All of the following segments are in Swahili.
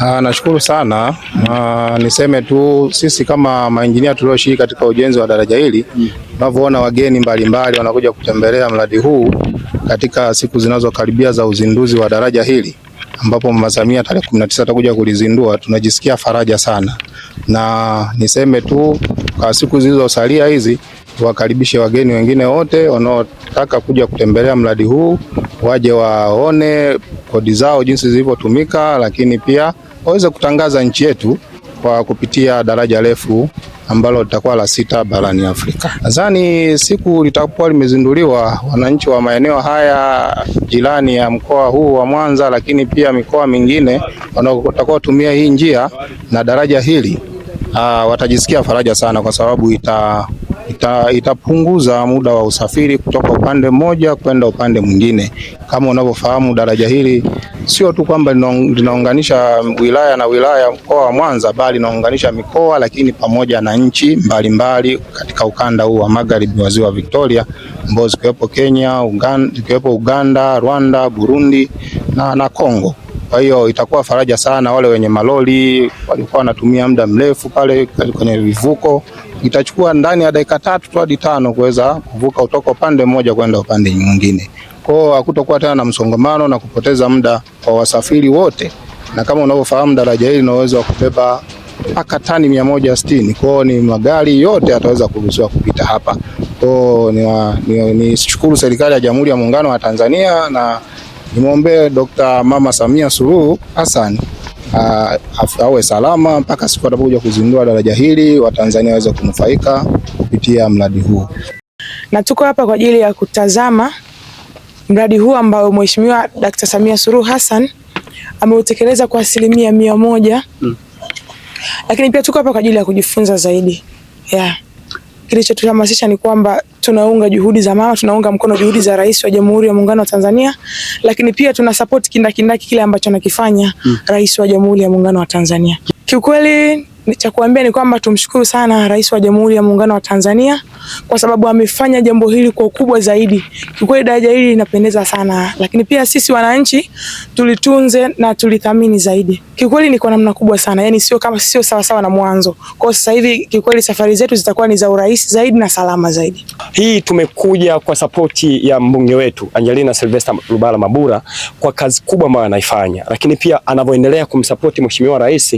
Uh, nashukuru sana uh, niseme tu sisi kama mainjinia tulioshiriki katika ujenzi wa daraja hili tunavyoona mm. wageni mbalimbali mbali, wanakuja kutembelea mradi huu katika siku zinazokaribia za uzinduzi wa daraja hili ambapo Mama Samia tarehe 19 atakuja kulizindua, tunajisikia faraja sana, na niseme tu kwa siku zilizosalia hizi tuwakaribishe wageni wengine wote wanaotaka kuja kutembelea mradi huu waje waone kodi zao jinsi zilivyotumika, lakini pia waweze kutangaza nchi yetu kwa kupitia daraja refu ambalo litakuwa la sita barani Afrika. Nadhani siku litakuwa limezinduliwa, wananchi wa maeneo haya jirani ya mkoa huu wa Mwanza, lakini pia mikoa mingine wanaotakuwa tumia hii njia na daraja hili, uh, watajisikia faraja sana kwa sababu ita ita, itapunguza muda wa usafiri kutoka upande mmoja kwenda upande mwingine. Kama unavyofahamu daraja hili sio tu kwamba linaunganisha wilaya na wilaya, mkoa wa Mwanza, bali linaunganisha mikoa, lakini pamoja na nchi mbalimbali mbali katika ukanda huu wa magharibi wa ziwa Victoria, ambao zikiwepo Kenya, zikiwepo Uganda, Rwanda, Burundi na, na Kongo. Kwa hiyo itakuwa faraja sana wale wenye maloli walikuwa wanatumia muda mrefu pale kwenye vivuko, itachukua ndani ya dakika tatu tu hadi tano kuweza kuvuka kutoka upande mmoja kwenda upande mwingine. Kwa hiyo hakutakuwa tena na msongamano na kupoteza muda kwa wasafiri wote, na kama unavyofahamu daraja hili linaweza kubeba mpaka tani 160 Kwa hiyo ni magari yote yataweza kuruhusiwa kupita hapa. Kwa hiyo ni, ni, ni shukuru serikali ya Jamhuri ya Muungano wa Tanzania na nimwombee Dkt. Mama Samia Suluhu Hassan awe salama mpaka siku atakapokuja kuzindua daraja hili, Watanzania waweze kunufaika kupitia mradi huu. Na tuko hapa kwa ajili ya kutazama mradi huu ambao Mheshimiwa Dkt. Samia Suluhu Hassan ameutekeleza kwa asilimia mia moja, hmm. Lakini pia tuko hapa kwa ajili ya kujifunza zaidi yeah kilichotuhamasisha ni kwamba tunaunga juhudi za mama, tunaunga mkono juhudi za Rais wa Jamhuri ya Muungano wa Tanzania, lakini pia tuna support kindakindaki kile ambacho anakifanya hmm. Rais wa Jamhuri ya Muungano wa Tanzania. Kiukweli cha kuambia ni kwamba tumshukuru sana Rais wa Jamhuri ya Muungano wa Tanzania kwa sababu amefanya jambo hili kwa ukubwa zaidi. Kiukweli daraja hili linapendeza sana, lakini pia sisi wananchi tulitunze na tulithamini zaidi kiukweli ni kwa namna kubwa sana, yani sio kama sio sawasawa na mwanzo. Kwa sasa hivi kiukweli safari zetu zitakuwa ni za urahisi zaidi na salama zaidi. Hii tumekuja kwa sapoti ya mbunge wetu Angelina Silvesta Lubala Mabura kwa kazi kubwa ambayo anaifanya, lakini pia anavyoendelea kumsapoti Mheshimiwa Rais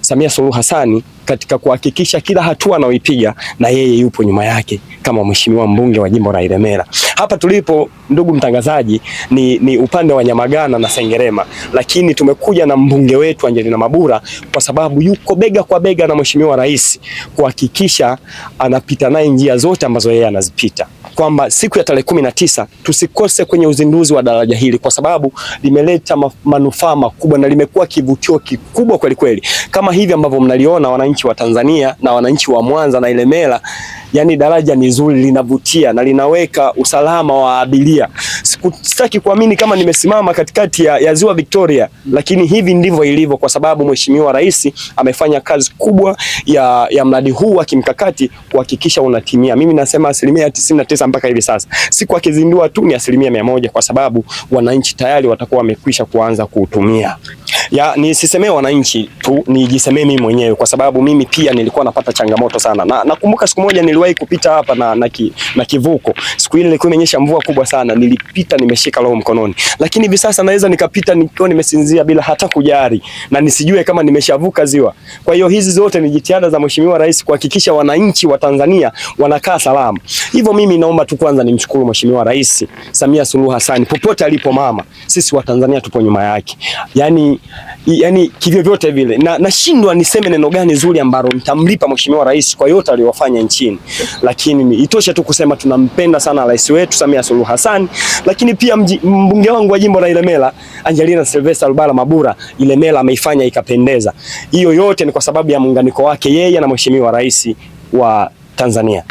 Samia Suluhu Hassan katika kuhakikisha kila hatua anayoipiga na yeye yupo nyuma yake kama mheshimiwa mbunge wa jimbo la Ilemela. Hapa tulipo, ndugu mtangazaji, ni, ni upande wa Nyamagana na Sengerema, lakini tumekuja na mbunge wetu Angelina Mabura kwa sababu yuko bega kwa bega na mheshimiwa rais kuhakikisha anapita naye njia zote ambazo yeye anazipita, kwamba siku ya tarehe kumi na tisa tusikose kwenye uzinduzi wa daraja hili kwa sababu limeleta manufaa makubwa na limekuwa kivutio kikubwa kweli kweli, kama hivi ambavyo mnaliona wananchi wa Tanzania na wananchi wa Mwanza na Ilemela yani daraja ni zuri, linavutia na linaweka usalama wa abiria. Sikutaki kuamini kama nimesimama katikati ya, ya ziwa Victoria, lakini hivi ndivyo ilivyo, kwa sababu Mheshimiwa Rais amefanya kazi kubwa ya, ya mradi huu wa kimkakati kuhakikisha unatimia. Mimi nasema asilimia tisini na tisa mpaka hivi sasa, si kwa kizindua tu, ni asilimia mia moja, kwa sababu wananchi tayari watakuwa wamekwisha kuanza kuutumia ya nisisemee wananchi tu, nijisemee mimi mwenyewe, kwa sababu mimi pia nilikuwa napata changamoto sana, na nakumbuka siku moja niliwahi kupita hapa na, na, ki, na kivuko. Siku ile ilikuwa imenyesha mvua kubwa sana, nilipita nimeshika roho mkononi, lakini hivi sasa naweza nikapita nikiwa nimesinzia bila hata kujali na nisijue kama nimeshavuka ziwa. Kwa hiyo hizi zote ni jitihada za Mheshimiwa Rais kuhakikisha wananchi wa Tanzania wanakaa salama. Hivyo mimi naomba tu kwanza nimshukuru Mheshimiwa Rais Samia Suluhu Hassan popote alipo mama, sisi wa Tanzania tupo nyuma yake, yaani yani kivyovyote vile, na nashindwa niseme neno gani zuri ambalo nitamlipa mheshimiwa rais kwa yote aliyofanya nchini, lakini itosha tu kusema tunampenda sana rais wetu Samia Suluhu Hassan, lakini pia mbunge wangu wa jimbo la Ilemela Angelina Silvesta Rubala Mabura, Ilemela ameifanya ikapendeza. Hiyo yote ni kwa sababu ya muunganiko wake yeye na mheshimiwa rais wa Tanzania.